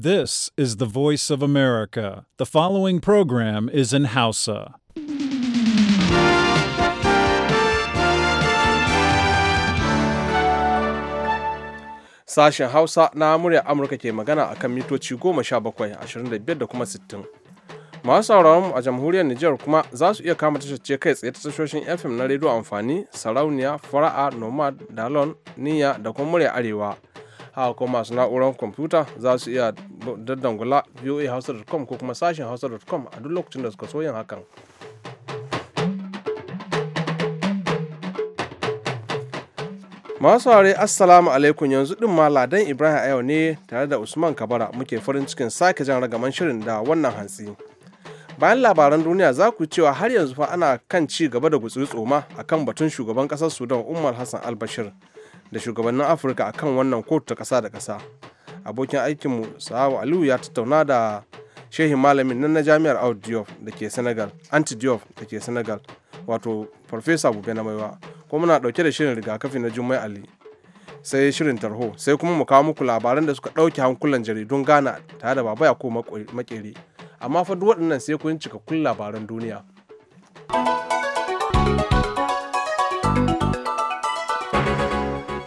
This is the voice of America. The following program is in Hausa. Sashen Hausa na murya Amurka ke magana a kan mitoci goma sha 17, ashirin da kuma sittin, Masu sauraron mu a jamhuriyar Nijar kuma za su iya kama tashar kai tsaye ta tashoshin FM na rediyo amfani, sarauniya, fara'a, nomad, dalon, niyya da kuma murya arewa. haka kuma masu na'urar kwamfuta za su iya daddangula voahausa.com ko kuma sashen hausa.com a duk lokacin da suka so yin hakan masu ware assalamu alaikum yanzu din ma ladan ibrahim a ne tare da usman kabara muke farin cikin sake jan ragaman shirin da wannan hantsi bayan labaran duniya za ku cewa har yanzu fa ana kan ci gaba da gutsutsuma tsoma akan batun shugaban ƙasar sudan umar hassan albashir da shugabannin afirka a kan wannan kotu ta kasa da kasa abokin aikinmu sahabu aliyu ya tattauna da shehin malamin nan na jami'ar out da ke senegal antidiof da ke senegal wato farfesa gobe na maiwa kuma muna dauke da shirin rigakafi na jummai ali sai shirin tarho sai kuma mu kawo muku labaran da suka ɗauke hankulan jaridun ghana tare da baba ko makeri amma fa duk waɗannan sai kun cikakkun labaran duniya.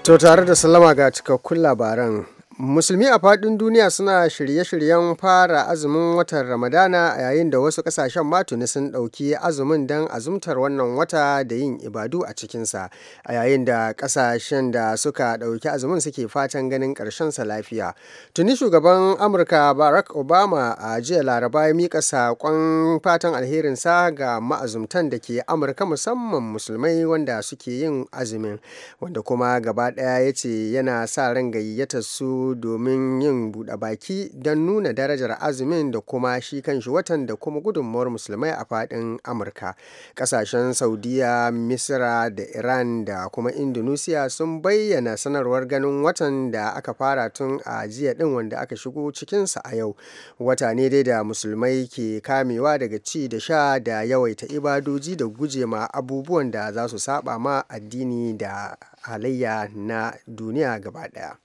To tare da salama ga cikakkun labaran Musulmi a faɗin duniya suna shirye-shiryen fara azumin watan Ramadana a yayin da wasu ƙasashen ma tuni sun ɗauki azumin don azumtar wannan wata da yin ibadu a cikinsa, a yayin da ƙasashen da suka ɗauki azumin suke fatan ganin sa lafiya. Tuni shugaban Amurka Barack Obama a jiya Laraba ya miƙa saƙon fatan alherinsa ga ma'azumtan da ke Amurka musamman musulmai wanda suke yin azumin, wanda kuma gaba ɗaya ya ce yana sa ran gayyatar su domin yin buɗe baki don nuna darajar azumin da kuma shi kan shi watan da kuma gudunmuwar musulmai a faɗin amurka ƙasashen saudiya misra da iran da kuma indonesia sun bayyana sanarwar ganin watan da aka fara tun a jiya ɗin wanda aka shigo cikinsa a yau wata ne dai da musulmai ke kamewa daga ci da sha da yawaita ibadoji da guje ma abubuwan da za su saba ma addini da halayya na duniya gaba ɗaya.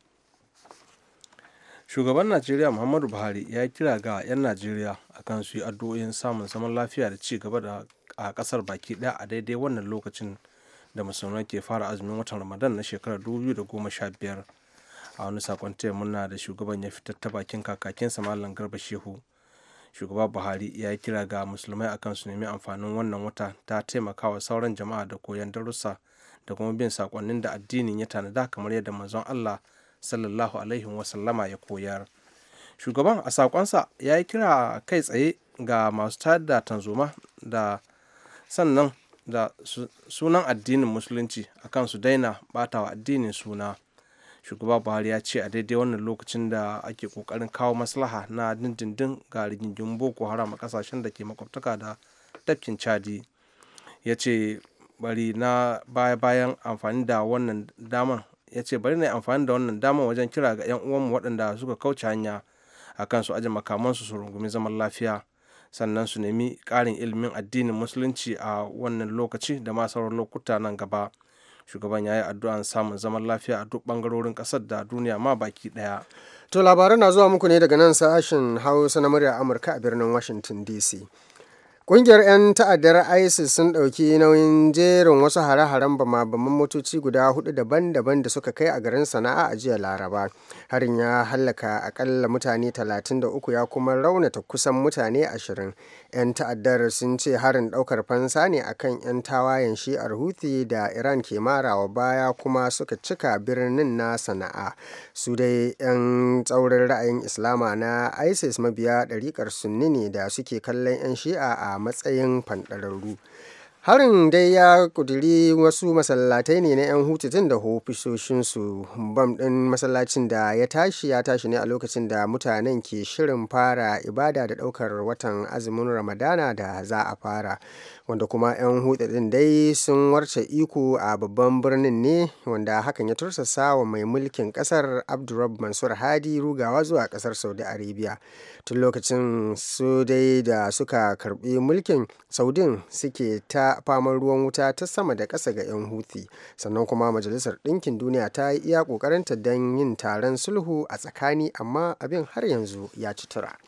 shugaban najeriya muhammadu buhari ya yi kira ga 'yan najeriya a kan su yi addu'o'in samun zaman lafiya da ci gaba a kasar baki daya a daidai wannan lokacin da musulmai ke fara azumin watan ramadan na shekarar 2015 a wani sakon taya murna da shugaban ya fitar ta bakin kakakinsa malam garba shehu shugaba buhari ya yi kira ga musulmai kan su nemi amfanin wannan wata ta taimakawa sauran jama'a da koyon darussa da kuma bin sakonnin da addinin ya tanada kamar yadda manzon allah sallallahu alaihi wasallama ya koyar shugaban a sakonsa ya yi kira kai tsaye ga masu tayar da tanzoma da sannan da sunan addinin musulunci a kan su daina wa addinin suna shugaba buhari ya ce a daidai wannan lokacin da ake kokarin kawo maslaha na dindindin ga rigingin boko haram a kasashen da ke makwabtaka da tafkin chadi ya ce bari na baya-bayan amfani da wannan daman ya ce bari na amfani da wannan dama wajen kira ga 'yan uwanmu waɗanda suka kauce hanya akan su aji makamansu su rungumi zaman lafiya sannan su nemi ƙarin ilimin addinin musulunci a wannan lokaci da ma sauran lokuta nan gaba shugaban ya yi addu'an samun zaman lafiya a duk bangarorin ƙasar da duniya ma baki ɗaya to labaran na zuwa muku ne daga nan sashen hausa na murya amurka a birnin washington dc Ƙungiyar 'yan ta'addar ISIS sun ɗauki nauyin jerin wasu hare-haren bama-baman motoci guda hudu daban-daban da suka kai a garin Sana'a a jiya Laraba. Harin ya hallaka akalla mutane 33 ya kuma raunata kusan mutane 20. 'yan ta'addar sun ce harin ɗaukar fansa ne a kan 'yan tawayen shi'ar huthi da iran ke marawa baya kuma suka cika birnin na sana'a su dai 'yan tsaurin ra'ayin islama na isis mabiya ɗariƙar sunni ne da suke kallon 'yan shi'a a matsayin fanɗararru harin dai ya kuduri wasu masallatai ne na 'yan tun da ofisoshinsu bam ɗin masallacin da ya tashi ya tashi ne a lokacin da mutanen ke shirin fara ibada da ɗaukar watan azumin ramadana da za a fara wanda kuma 'yan hutu ɗin dai sun warce iko a babban birnin ne wanda hakan ya tursasa wa mai mulkin ƙasar abdurrab mansur hadi rugawa zuwa ƙasar saudi arabia tun lokacin su dai da suka karbi mulkin saudin suke ta faman ruwan wuta ta sama da ƙasa ga 'yan hutu sannan kuma majalisar ɗinkin duniya ta yi iya ƙoƙarinta don yin taron sulhu a tsakani amma abin har yanzu ya ci tura.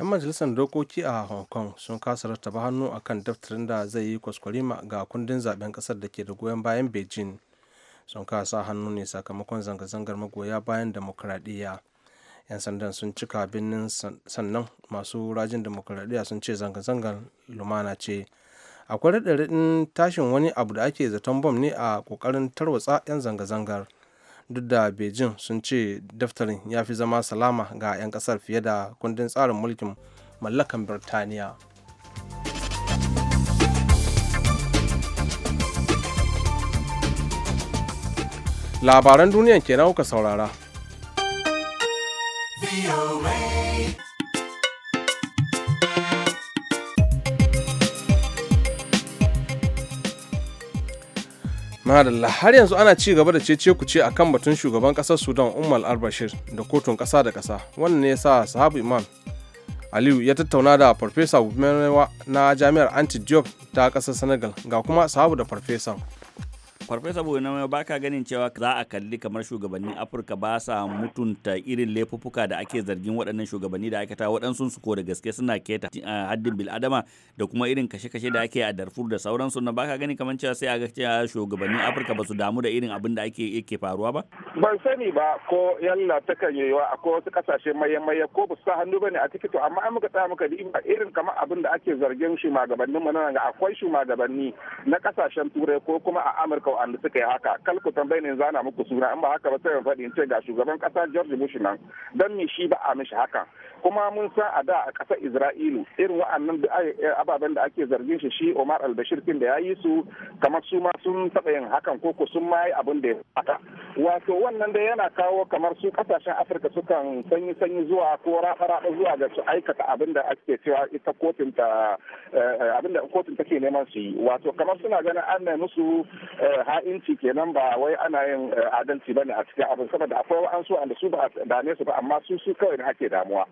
'yan majalisar dokoki a hong kong sun kasa rattaba hannu akan daftarin da zai yi kwaskwarima ga kundin zaben kasar da ke da goyon bayan beijing sun kasa hannu ne sakamakon zanga-zangar magoya bayan demokuraɗiyya 'yan sandan sun cika birnin sannan masu rajin demokuraɗiyya sun ce zanga-zangar lumana ce akwai raɗaɗin tashin wani abu da ake zaton bom ne a ƙoƙarin tarwatsa 'yan zanga-zangar duk da beijing sun ce daftarin ya fi zama salama ga 'yan kasar fiye da kundin tsarin mulkin mallakan birtaniya labaran duniya kenan kuka saurara madalla har yanzu ana ci gaba da cece ku ce akan batun shugaban kasar sudan umar albashir da kotun kasa da kasa wannan ne ya sa sahabu imam aliyu ya tattauna da farfesa gumewa na jami'ar anti ta kasar senegal ga kuma sahabu da farfesan farfesa buhari ba ka ganin cewa za a kalli kamar shugabannin afirka ba sa mutunta irin laifuffuka da ake zargin waɗannan shugabanni da aikata waɗansu su ko da gaske suna keta haddin bil'adama da kuma irin kashe-kashe da ake a darfur da sauransu na ba ka gani kamar cewa sai a ga cewa shugabannin afirka ba su damu da irin abin da ake yake faruwa ba. ban sani ba ko yalla ta kan yi wa akwai wasu kasashe maye-maye ko ba su sa hannu ba ne a tikito amma an muka tsaya muka ba irin kamar abin da ake zargin shugabannin mu nan akwai shugabanni na kasashen turai ko kuma a amurka waɗanda suka yi haka kal ku tambaye ne zana muku suna in ba haka ba sai in faɗi in ce ga shugaban kasa George Bush nan dan me shi ba a mishi haka kuma mun san a da a ƙasar Isra'ilu irin wa'annan eh, ababen da ake zargin shi shi Omar al-Bashir kin da ya yi su kamar su ma sun taɓa yin hakan ko ko sun ma yi abin da ya haka wato wannan dai yana kawo kamar su kasashen Afirka sukan sanyi sanyi zuwa ko rafa-rafa zuwa ga su aikata abin da ake cewa ita kotun ta eh, eh, abin da kotun take neman su yi wato kamar suna ganin an musu ha'inci kenan ba wai ana yin eh, adalci bane a cikin abin saboda akwai wa'ansu wanda su ba dame su ba amma su su kawai da ake damuwa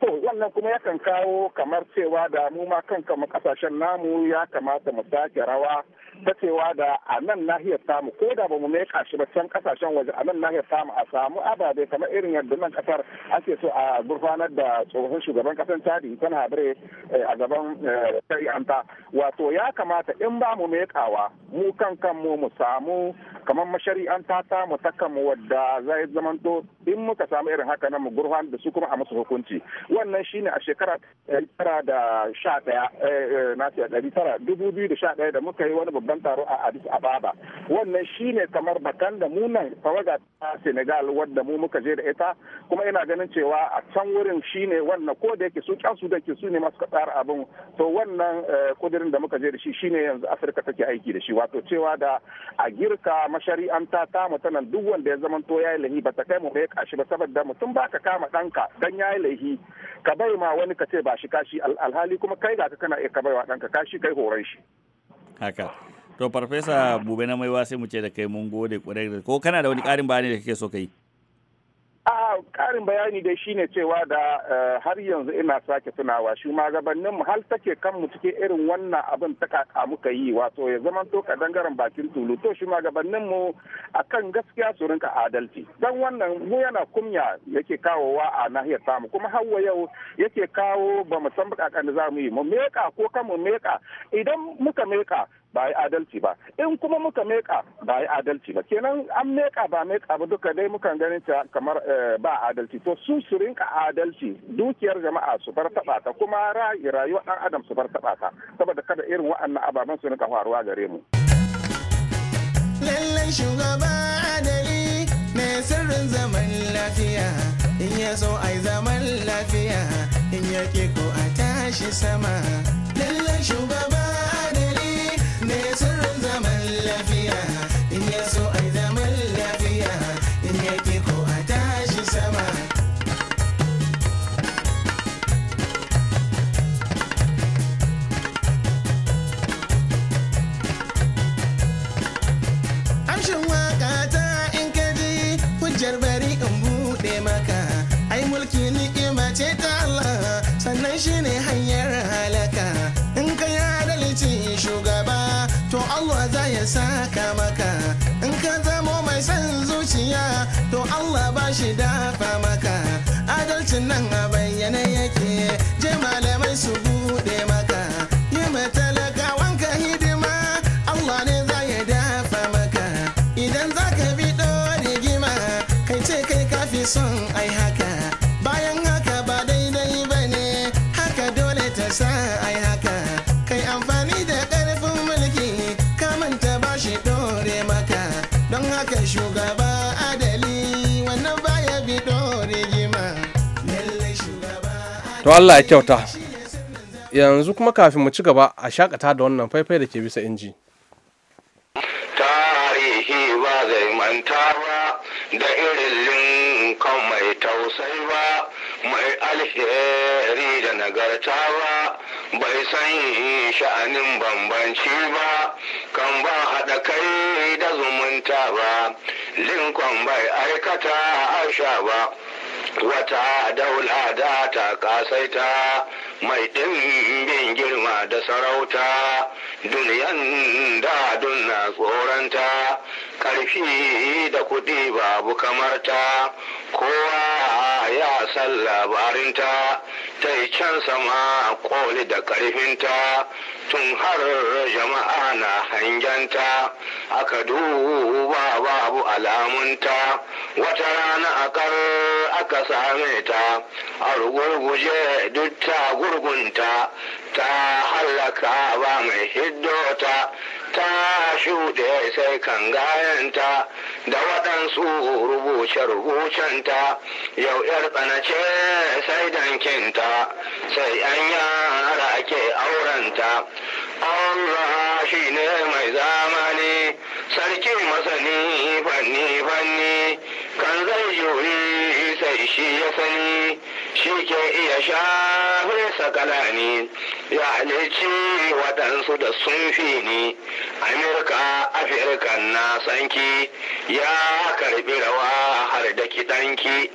to wannan kuma yakan kawo kamar cewa da mu ma kan mu kasashen namu ya kamata mu sake rawa ta cewa da a nan nahiyar samu ko da ba mu mai kashi ba can kasashen waje a nan nahiyar samu a samu ababe kamar irin yadda nan kasar ake so a gurfanar da tsohon shugaban kasar chadi tana habire eh, a gaban eh, shari'anta wato ya kamata in ba mu mai kawa mu kan kan mu samu kamar mashari'anta ta mu takan mu wadda zai zamanto in muka samu irin haka na mu gurfan da su kuma a musu hukunci wannan shine a shekara tara da sha daya eh, eh, na ce ɗari tara dubu biyu da sha daya da muka yi wani babban taro a Addis Ababa wannan shine kamar bakan da mu nan fawaga ta Senegal wadda mu muka je da ita kuma ina ganin cewa a can wurin shine wannan ko da yake su can su da ke su ne masu tsara abin to wannan kudirin eh, da muka je da shi shine yanzu Afirka take aiki da shi wato cewa da a girka mashari'anta ta mutanen duk wanda ya zamanto ya yi lahi ba ta kai mu mai kashi ba saboda mutum ba ka kama danka dan yayi yi lahi ka bai ma wani ka ce ba shi kashi alhali kuma kai ga kana iya ka bai wa danka kashi kai horon shi. haka to farfesa bube na maiwa sai mu ce da kai mun gode kwarai ko kana da wani ƙarin bayani da kake so kai karin bayani dai shine cewa da eh, har yanzu ina sake tunawa gabanin mu hal take kan mu cikin irin wannan abin ta kaka muka yi wato ya zama to kadangaren bakin tulu to gabanin mu akan gaskiya su rinka adalci dan wannan mu yana kunya yake kawowa a nahiyar tamu kuma hawa yau yake kawo ba mu san bukakan da za mu yi mu meka ko kan mu meka idan muka meka ba yi adalci ba in kuma muka meka ba yi adalci ba kenan an meka ba meka ba duka dai mukan ganin ta kamar eh, ba adalci to su su rinka adalci dukiyar jama'a su bar taba ta kuma rayuwar dan adam su bar taba ta saboda kada irin wa'annan ababen su rinka faruwa gare mu lallai shugaba adali mai sirrin zaman lafiya in ya so ai zaman lafiya in ya ke ko a tashi sama lallai shugaba to Allah ya kyauta yanzu kuma kafin mu ci gaba a shakata da wannan faifai da ke bisa inji tarihi ba zai manta ba da irin linkan mai tausai ba mai alheri da nagarta ba bai san sha'anin bambanci ba kan ba haɗa kai da zumunta ba linkon bai aikata harsha ba wata daula da ta kasaita mai ɗimbin girma da sarauta duniyan da dunna tsoranta ƙarfi da kuɗi babu kamarta kowa ya san labarinta ta yi can sama a ƙoli da ƙarfinta tun har jama'a na hangenta aka duba babu alamunta wata rana akar aka same ta a rugurguje duk ta gurgunta ta hallaka ba mai hiddota ta shuɗe sai kan gayanta da waɗansu rubuce-rubucenta yau ‘yar tsanace sai dankinta sai ‘yan yara ake aurenta. Allah shi ne mai zamani, sarki masani fanni-fanni, kan zai yuri sai shi ya sani. shi ke iya shafe sakala ne ya halici waɗansu da sun fi ni amurka afirka na sanki ya karɓi rawa har da kiɗanki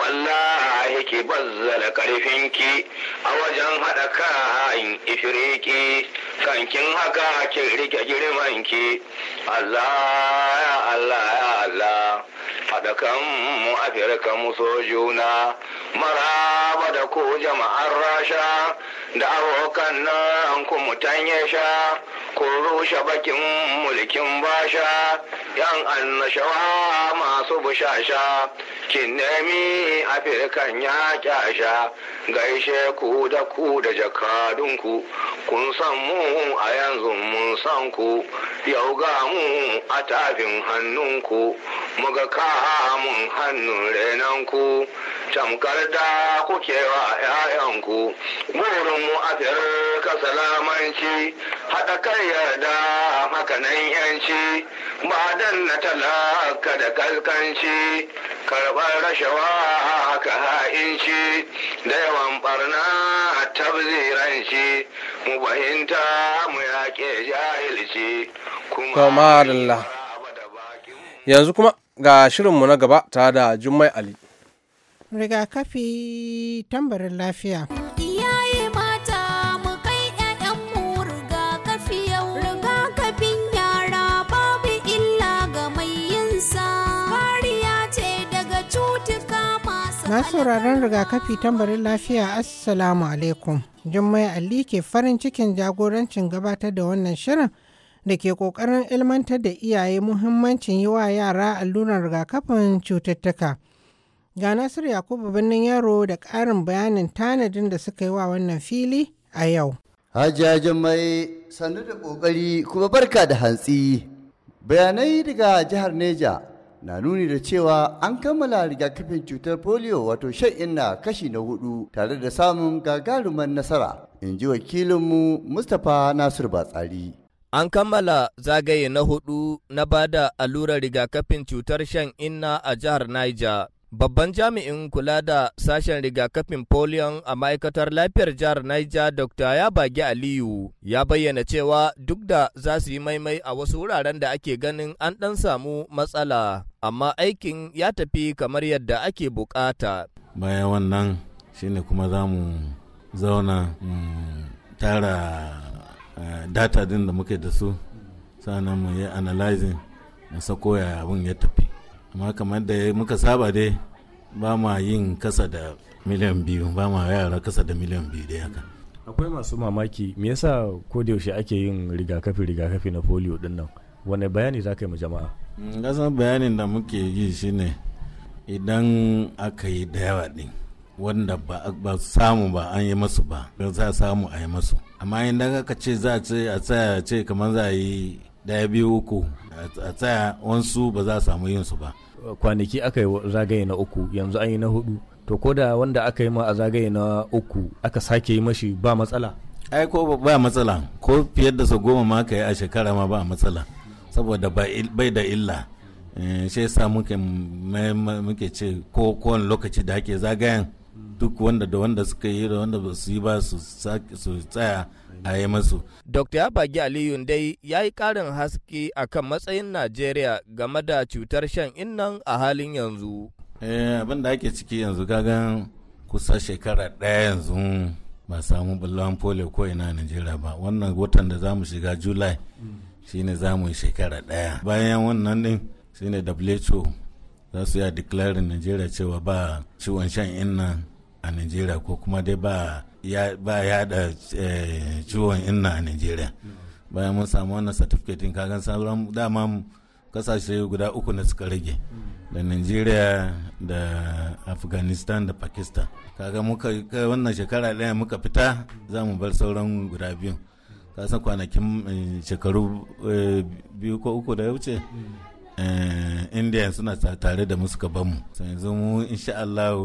wallahi ki bazzala karfinki a wajen haɗa kan ifiriki kankin haka ki rike girmanki allah ya allah ya allah haɗa kan mu afirka mu juna maraba da ko jama'ar rasha da abokan nan ku mutanye sha ku rushe bakin mulkin basha yan annashawa masu bushasha kin nemi afirkan ya kyasha gaishe ku da ku da jakadunku kun san mu a yanzu mun san ku yau ga mu a tafin hannunku muga mun hannun renanku tamkar da kuke wa ‘ya'yanku, burin mu ka salamanci, haɗa kai yarda a makanan yanci, dan na talaka da kalkanci, karɓar rashawa ka ha'inci, da yawan ɓarna a tabziranci, mu fahimta mu yaƙe jahilci, kuma yanzu kuma ga shirinmu na gaba ta da Jummai Ali. rigakafi tambarin lafiya. Iyaye mata mu ‘ya'yanmu rigakafi yau. Rigakafin illa ga mai yinsa. ce daga Na sauraron rigakafi tambarin lafiya Assalamu alaikum. Jummai Ali ke farin cikin jagorancin gabatar da wannan shirin da ke ƙoƙarin ilmantar da iyaye muhimmancin yi wa yara alluran rigakafin cututtuka. Ga Nasiru Yakubu birnin Yaro da ƙarin bayanin tanadin da suka yi wa wannan fili a yau. Hajiya mai sannu da ƙoƙari kuma barka da hantsi. Bayanai daga jihar Neja na nuni da cewa an kammala rigakafin cutar polio wato shan inna kashi na hudu tare da samun gagaruman nasara, in ji wakilinmu Mustapha Nasir Batsari. An kammala zagaye na hudu na bada allurar rigakafin cutar shan inna a jihar Niger. Babban jami'in kula da sashen rigakafin polion a ma'aikatar lafiyar jihar Niger Dr. yabage Aliyu ya bayyana cewa duk da za su yi maimai a wasu wuraren da ake ganin an ɗan samu matsala, amma aikin ya tafi kamar yadda ake bukata. Bayan wannan shine kuma za mu zauna tara eh, data din da muke da su, sannan mu yi analyzing, mu sako ya abin ya tafi. amma kamar da muka saba dai ba ma yin kasa da miliyan biyu ba ma yara kasa da miliyan biyu dai haka akwai masu mamaki me yasa ko da yaushe ake yin rigakafi rigakafi na polio din nan wane bayani za ka yi ma jama'a gasan mm, bayanin da muke yi shine idan aka yi da yawa din wanda ba samu ba an yi masu ba ba za samu a yi masu amma idan aka ce za a ce a tsaya ce kamar za a yi daya biyu uku a tsaya wansu ba za a samu yin su ba kwanaki aka yi zagaye na uku yanzu an yi na hudu to ko da wanda aka yi ma a zagaye na uku aka sake yi mashi ba matsala ai ko ba matsala ko fiye da su goma ma ka yi a shekara ma ba matsala saboda bai da illa eh, shi yasa muke ce ko kowane lokaci da ake zagayen duk wanda da wanda suka yi da wanda ba su yi ba su tsaya a yi masu. Dr. Abagi Aliyu dai ya yi ƙarin haske kan matsayin Najeriya game da cutar shan innan a halin yanzu. Eh, abin da ake ciki yanzu gagan kusa shekara ɗaya yanzu ba samu bullon polio ko ina Najeriya ba. Wannan watan da za mu shiga Julai ne za mu shekara ɗaya. Bayan wannan ɗin ne WHO za su ya declaring Najeriya cewa ba ciwon shan inna a Najeriya ko kuma dai ba ya ba yada eh, ciwon inna a Najeriya. Bayan mun samu wannan certificate kagan sauran dama kasashe guda uku na suka rage da nigeria da Afghanistan da Pakistan. Kaga muka wannan shekara ɗaya muka fita za mu bar sauran guda Ka kasan kwanakin eh, shekaru eh, biyu ko uku da ya wuce indiya suna tare da mu suka bamu yanzu mu insha Allah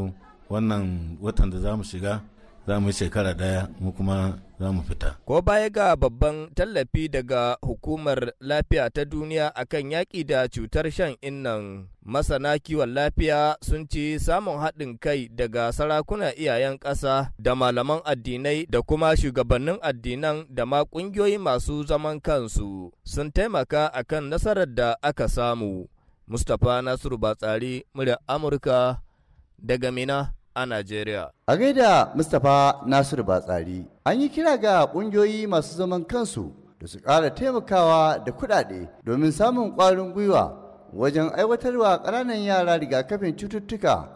wannan watan da za mu shiga za mu yi shekara ɗaya mu kuma za mu fita. Ko baya ga babban tallafi daga hukumar lafiya ta duniya akan yaƙi da cutar shan innan masana kiwon lafiya sun ci samun haɗin kai daga sarakuna iyayen ƙasa da malaman addinai da kuma shugabannin addinan da ma ƙungiyoyi masu zaman kansu sun taimaka akan nasarar da aka samu. Mustapha Nasiru Batsari, murya Amurka daga Mina. a Najeriya. A gaida Mustapha Nasiru Batsari, an yi kira ga ƙungiyoyi masu zaman kansu da su ƙara taimakawa da kuɗaɗe domin samun ƙwarin gwiwa wajen aiwatarwa ƙananan yara rigakafin cututtuka.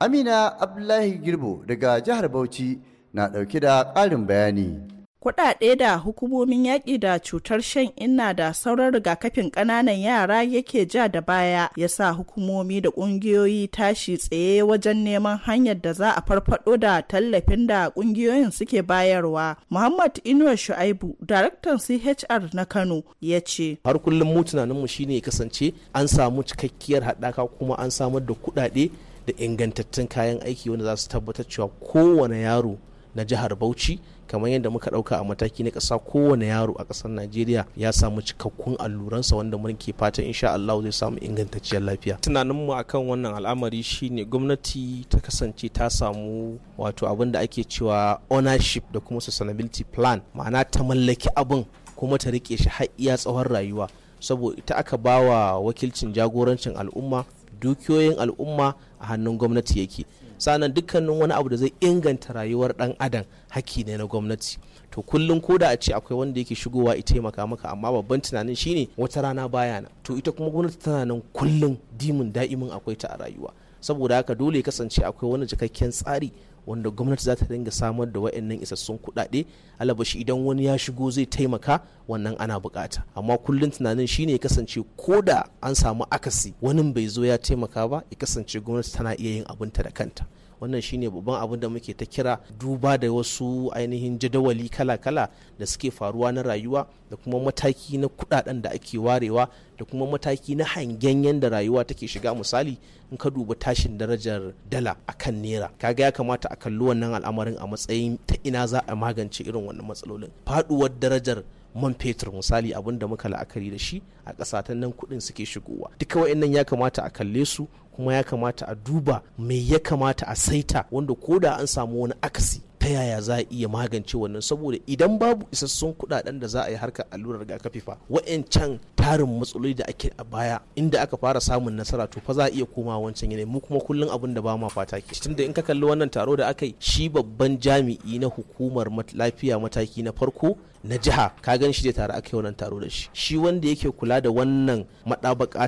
Amina Abdullahi Girbo daga jihar Bauchi na ɗauke da ƙarin bayani. kuɗaɗe da hukumomin yaƙi da cutar shan inna da sauran rigakafin ƙananan yara yake ja da baya ya sa hukumomi da ƙungiyoyi tashi tsaye wajen neman hanyar da za a farfaɗo da tallafin da ƙungiyoyin suke bayarwa. Muhammad Inuwa Shu'aibu, daraktan CHR na Kano, ya ce. Har kullum mu tunaninmu shine ya kasance an samu cikakkiyar haɗaka kuma an samar da kuɗaɗe da ingantattun kayan aiki wanda za su tabbatar cewa kowane yaro na jihar Bauchi kamar yadda muka ɗauka a mataki na ƙasa kowane yaro a ƙasar najeriya ya samu cikakkun alluransa wanda mun ke fatan insha allahu zai samu ingantacciyar lafiya tunaninmu akan wannan al'amari shine gwamnati ta kasance ta samu wato abin da ake cewa ownership da kuma sustainability plan ma'ana ta mallaki abin kuma ta rike shi har iya tsawon rayuwa saboda ita aka bawa wakilcin jagorancin al'umma dukiyoyin al'umma a hannun gwamnati yake sannan dukkanin wani abu da zai inganta rayuwar dan adam haki ne na gwamnati to kullum ko da a ce akwai wanda yake shigowa ya taimaka maka amma babban tunanin shine wata rana baya na to ita kuma gwamnati tana nan kullum dimin da'imin akwai ta a rayuwa saboda haka dole ya kasance akwai wani cikakken tsari wanda gwamnati za ta dinga samar da wa'annan isassun kuɗaɗe alabashi idan wani ya shigo zai taimaka wannan ana bukata amma kullum tunanin shine ya kasance ko da an samu akasi wani bai zo ya taimaka ba ya kasance gwamnati tana iya yin abinta da kanta wannan shine babban abin da muke ta kira duba da wasu ainihin jadawali kala-kala da suke faruwa na rayuwa da kuma mataki na kudaden da ake warewa da kuma mataki na hangen yadda rayuwa take shiga misali in ka duba tashin darajar dala akan naira kaga ya kamata a kalli wannan al'amarin a matsayin ta ina za a magance irin wannan matsalolin faduwar darajar man fetur misali abin da muka la'akari da shi a ƙasatan nan kuɗin suke shigowa duka nan ya kamata a kalle su kuma ya kamata a duba me ya kamata a saita wanda ko da an samu wani akasi ta yaya za a iya magance wannan saboda idan babu isassun kudaden da za a yi harkar allurar rigakafi fa wa'ancan tarin matsaloli da ake a baya inda aka fara samun nasara to fa za a iya komawa wancan yanayi mu kuma kullum abin da ba ma fata ke tunda in ka kalli wannan taro da aka yi shi babban jami'i na hukumar lafiya mataki na farko na jiha ka gan shi da tare aka yi wannan taro da shi shi wanda yake kula da wannan madabaka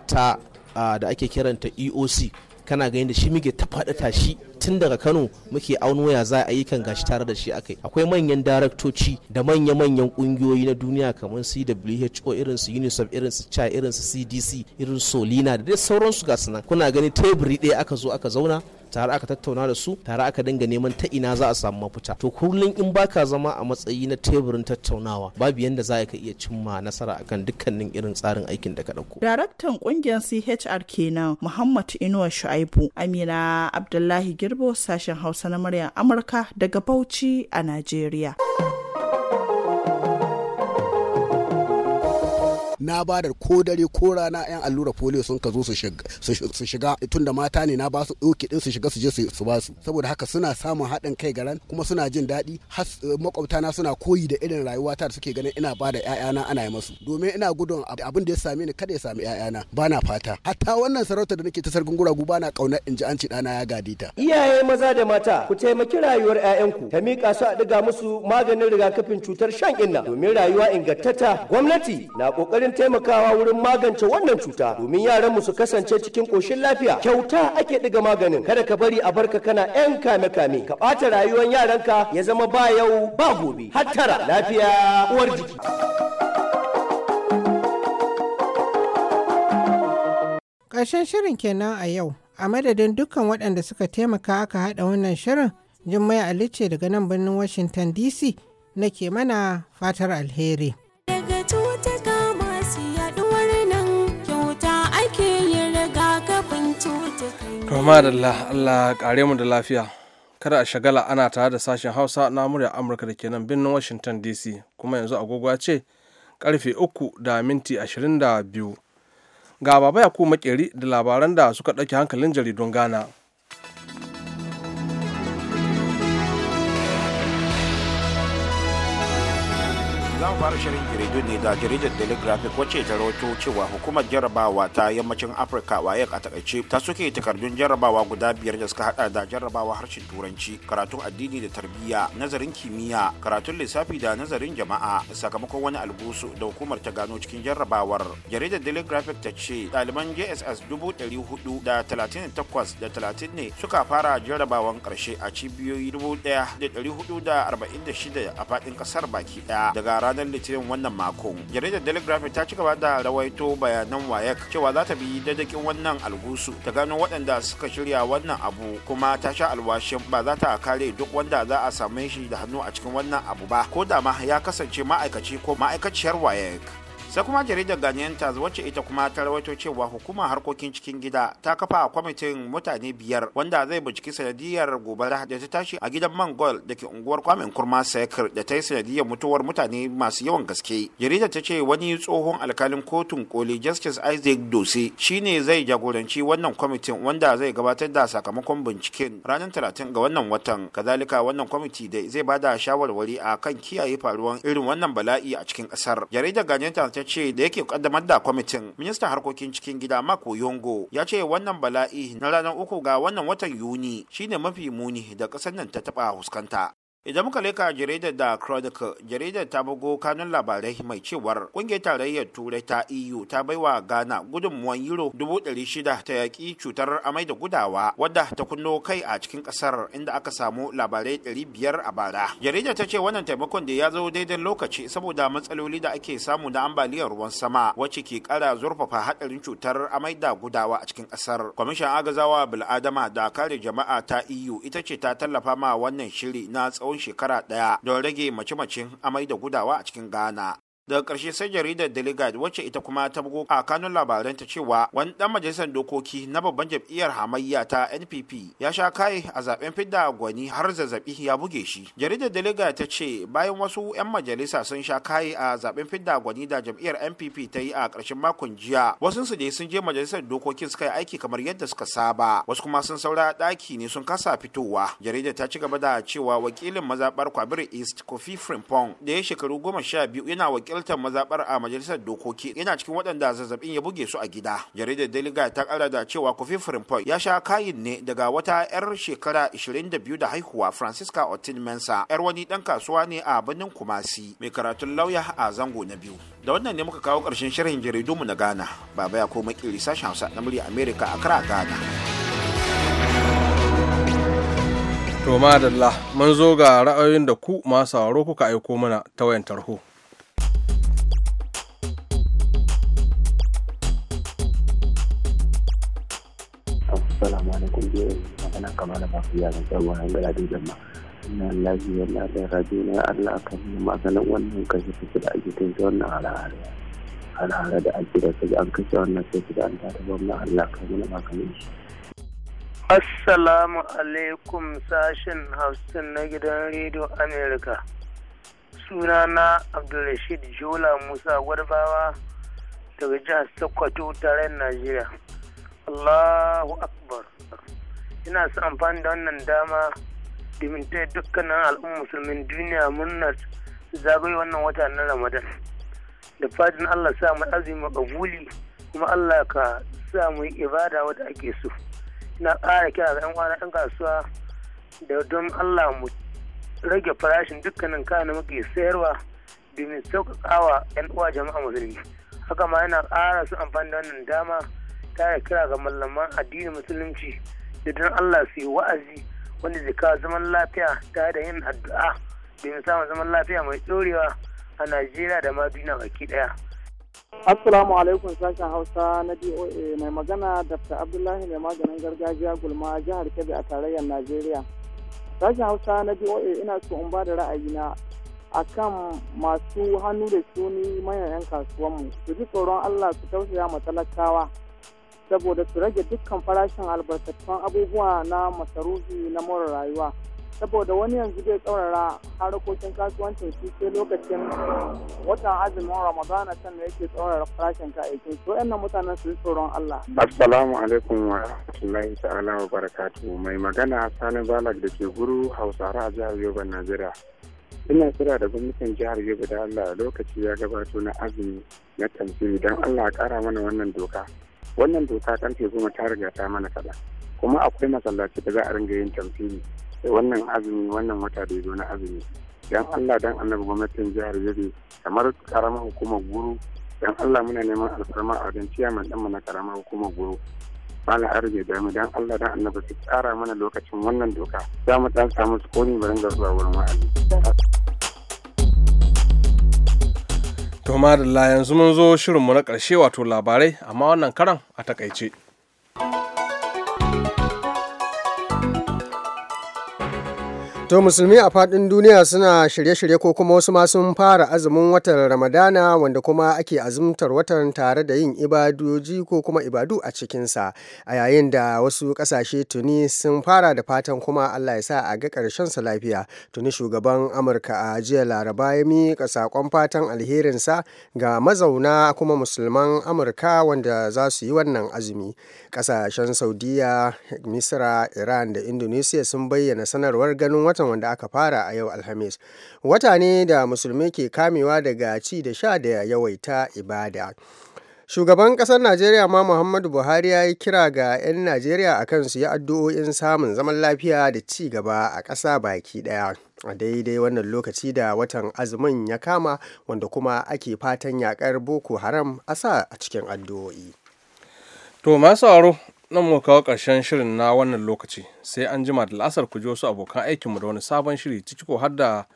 da ake kiranta eoc kana ganin da shi muke ta faɗata shi tun daga kano muke auno ya za kan gashi tare da shi akai akwai manyan daraktoci da manya-manyan ƙungiyoyi na duniya kamar cwho irin su unicef irin su cha irin su cdc irin solina da dai sauransu ga nan kuna gani teburi ɗaya aka zo aka zauna tare aka tattauna da su tare aka dinga neman ta ina za a samu mafita to kullum in baka zama a matsayi na teburin tattaunawa babu yanda za ka iya cimma nasara akan dukkanin irin tsarin aikin da ka dauko daraktan kungiyar CHR kenan Muhammad Inuwa Shu'aibu Amina Abdullahi Girbo sashen Hausa na muryar Amurka daga Bauchi a Najeriya. na ba da ko dare ko rana yan allura polio sun ka zo su shiga tunda mata ne na ba su ɗauki ɗin su shiga su je su ba su saboda haka suna samun haɗin kai garan kuma suna jin daɗi makwabta na suna koyi da irin rayuwa ta da suke ganin ina ba da ƴaƴana ana yi masu domin ina gudun abin da ya same ni kada ya sami ƴaƴana ba na fata hatta wannan sarauta da nake ta sarkin guragu ba na ƙaunar in ji an ci ɗana ya gade ta iyaye maza da mata ku taimaki rayuwar ƴaƴanku ta miƙa su a ɗiga musu maganin rigakafin cutar shan inna domin rayuwa ingantatta gwamnati na ƙoƙarin taimakawa wurin magance wannan cuta domin yaran mu su kasance cikin koshin lafiya kyauta ake ɗiga maganin kada ka bari a barka kana yan kame kame ka ɓata rayuwar yaranka ya zama ba yau ba gobe hattara lafiya uwar jiki ƙarshen shirin kenan a yau a madadin dukkan waɗanda suka taimaka aka haɗa wannan shirin jimmai alice daga nan birnin washington dc nake mana fatar alheri da Allah kare mu da lafiya. Kada a shagala ana tare da sashen Hausa na murya Amurka da kenan birnin Washington DC kuma yanzu agogo ce karfe 3 da minti 22. Ga baba ya ku makeri da labaran da suka ɗauki hankalin jaridun Ghana. zan fara shirin jaridu ne da jaridar telegraphic wacce ta rawato cewa hukumar jarrabawa ta yammacin afirka wayek a takaice ta suke takardun jarrabawa guda biyar da suka hada da jarrabawa harshen turanci karatun addini da tarbiyya nazarin kimiyya karatun lissafi da nazarin jama'a sakamakon wani algusu da hukumar ta gano cikin jarrabawar jaridar telegraphic ta ce ɗaliban jss dubu ɗari hudu da talatin takwas da talatin ne suka fara jarrabawar karshe a cibiyoyi dubu ɗaya da ɗari hudu da arba'in da shida a faɗin ƙasar baki ɗaya daga ranar litinin wannan makon jaridar daily ta ci gaba da rawaito bayanan wayek cewa za ta bi dadakin wannan algusu ta gano waɗanda suka shirya wannan abu kuma ta sha alwashin ba za ta kare duk wanda za a same shi da hannu a cikin wannan abu ba ko da ma ya kasance ma'aikaci ko ma'aikaciyar wayek sai kuma jaridar ganyen times wacce ita kuma ta rawaito cewa hukumar harkokin cikin gida ta kafa kwamitin mutane biyar wanda zai binciki sanadiyar gobara da ta tashi a gidan man da ke unguwar kwamin kurma sekir da ta yi sanadiyar mutuwar mutane masu yawan gaske jaridar ta ce wani tsohon alkalin kotun koli justice isaac dose shine zai jagoranci wannan kwamitin wanda zai gabatar da sakamakon binciken ranar talatin ga wannan watan kazalika wannan kwamiti da zai bada shawarwari a kan kiyaye faruwan irin wannan bala'i a cikin kasar jaridar ganyen ta ce da yake kaddamar da kwamitin ministan harkokin cikin gida mako yongo ya ce wannan bala'i na ranar uku ga wannan watan yuni shine mafi muni da ƙasar nan ta taba huskanta. Idan muka leka jaridar da Chronicle, jaridar ta bugo kanun labarai mai cewar kungiyar tarayyar turai ta EU ta baiwa Ghana gudunmuwan euro 600 ta yaki cutar amai da gudawa wadda ta kunno kai a cikin ƙasar inda aka samu labarai 500 a bara. Jaridar ta ce wannan taimakon da ya zo daidai lokaci saboda matsaloli da ake samu na ambaliyar ruwan sama wacce ke kara zurfafa hadarin cutar amai da gudawa a cikin ƙasar. Kwamishin agazawa bil'adama da kare jama'a ta EU ita ce ta tallafa ma wannan shiri na tsawon tsawon shekara ɗaya don rage mace-macen amai da gudawa a cikin Ghana. daga ƙarshe sai jaridar delegate wacce ita kuma ta bugo a kanun ta cewa wani dan majalisar dokoki na babban jam'iyyar hamayya ta npp ya sha kai a zaben fidda gwani har zazzabi ya buge shi jaridar delegate ta ce bayan wasu 'yan majalisa sun sha kai a zaben fidda gwani da jam'iyyar npp ta yi a ƙarshen makon jiya wasu su dai sun je majalisar dokokin suka yi aiki kamar yadda suka saba wasu kuma sun saura ɗaki ne sun kasa fitowa jaridar ta ci gaba da cewa wakilin Mazabar kwabir east kofi frimpong da ya shekaru goma sha biyu yana wakil wakiltar mazabar a majalisar dokoki yana cikin waɗanda zazzabin ya buge su a gida jaridar daily guide ta ƙara da cewa kofi frimpoi ya sha kayin ne daga wata 'yar shekara 22 da haihuwa francisca otin mensa 'yar wani ɗan kasuwa ne a birnin kumasi mai karatun lauya a zango na biyu da wannan ne muka kawo ƙarshen shirin jaridu mu na ghana baba ya koma ƙiri sashen hausa na murya america a kara ghana to madalla mun zo ga ra'ayoyin da ku masu sauraro kuka aiko mana ta wayan tarho ba da je magana kamar da masu yaran tsaro a galadin jama'a ina lafi yana da rabi na allah kan yi maganin wannan kashe kashe da ake kai wannan hare-hare da ake da kaji an kashe wannan sai da an tada wannan allah kan yi maganin shi. assalamu alaikum sashen hausin na gidan rediyo Amerika suna na abdulrashid jola musa gwarbawa daga jihar sokoto tare najeriya allahu akbar ina su amfani da wannan dama domin ta dukkanin al'ummar musulmin duniya murnar zagaye wannan wata na ramadan da fadin allah sa mu azumi kabuli kuma allah ka sa mu ibada wata ake so ina kara kira ga 'yan kwana dan kasuwa da don allah mu rage farashin dukkanin kayan da muke sayarwa domin sauƙaƙawa 'yan uwa jama'a musulmi haka ma yana ƙara su amfani da wannan dama ta kira ga mallaman addinin musulunci idan Allah su yi wa'azi wani zai zaman lafiya ta da yin addu'a domin samun zaman lafiya mai ɗorewa a Najeriya da ma duniya baki ɗaya. Assalamu alaikum sashen Hausa na DOA mai magana Dr. Abdullahi mai maganin gargajiya gulma jihar Kebbi a tarayyar Najeriya. Sashen Hausa na DOA ina so in ba da ra'ayi ra'ayina kan masu hannu da suni manyan 'yan kasuwanmu su ji tsoron Allah su tausaya ma talakawa. saboda su rage dukkan farashin albarkatun abubuwa na masarufi na mara rayuwa saboda wani yanzu zai tsaurara harkokin kasuwancin su sai lokacin watan azumin ramadana can da yake tsaurara farashin kayayyakin su wayannan mutanen su tsoron Allah assalamu alaikum wa rahmatullahi ta'ala wa barakatu. mai magana sani Balag da ke guru hausa a jihar yoruba najeriya ina kira da gwamnatin jihar yoruba da Allah lokaci ya gabato na azumi na tamfiri don Allah ya kara mana wannan doka wannan doka kanke zuma ta riga ta mana kaɗan kuma akwai masallaci da za a ringa yin tamfili wannan azumi wannan wata da zo na azumi dan Allah dan annabi gwamnatin jihar Yobe kamar karamar hukumar guru dan Allah muna neman alfarma a wajen ciyaman mu na karamar hukumar guru malam arge da mu dan Allah dan annabi su tsara mana lokacin wannan doka za mu dan samu tsoni mu ringa zuwa wurin wa'azi To madalla yanzu mun zo shirinmu na ƙarshe wato labarai amma wannan karan a takaice. To musulmi a faɗin duniya suna shirye-shirye ko kuma wasu ma sun fara azumin watan Ramadana wanda kuma ake azumtar watan tare da yin ibadoji ko kuma ibadu a cikinsa a yayin da wasu ƙasashe tuni sun fara da fatan kuma Allah ya sa a ga sa lafiya. Tuni shugaban Amurka a jiya Laraba ya miƙa saƙon fatan alherinsa ga mazauna kuma musulman Amurka wanda za su yi wannan azumi. Ƙasashen Saudiya, Misra, Iran da Indonesia sun bayyana sanarwar ganin watan wanda aka fara a yau alhamis wata ne da musulmi ke kamewa daga ci da sha da yawaita ibada shugaban kasar najeriya ma muhammadu buhari ya yi kira ga 'yan najeriya a kan su yi addu'o'in samun zaman lafiya da ci gaba a ƙasa baki ɗaya a daidai wannan lokaci da watan azumin ya kama wanda kuma ake fatan yakar boko haram a sa a cikin addu'o'i to masu aro nan mu kawo ƙarshen shirin na wannan lokaci sai an jima da la'asar ku ji wasu abokan aikinmu da wani sabon shiri ciki ko har da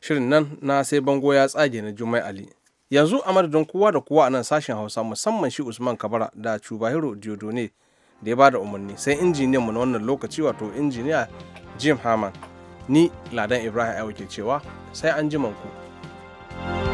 shirin nan na sai bango ya tsage na Jummai Ali. Yanzu a madadin kowa da kowa a nan sashen Hausa musamman shi Usman Kabara da diodo Diodone da ya bada umarni sai injiniyan mu na wannan lokaci wato injiniya Jim Haman. Ni Ladan Ibrahim Ayo ke cewa sai an jima ku. thank you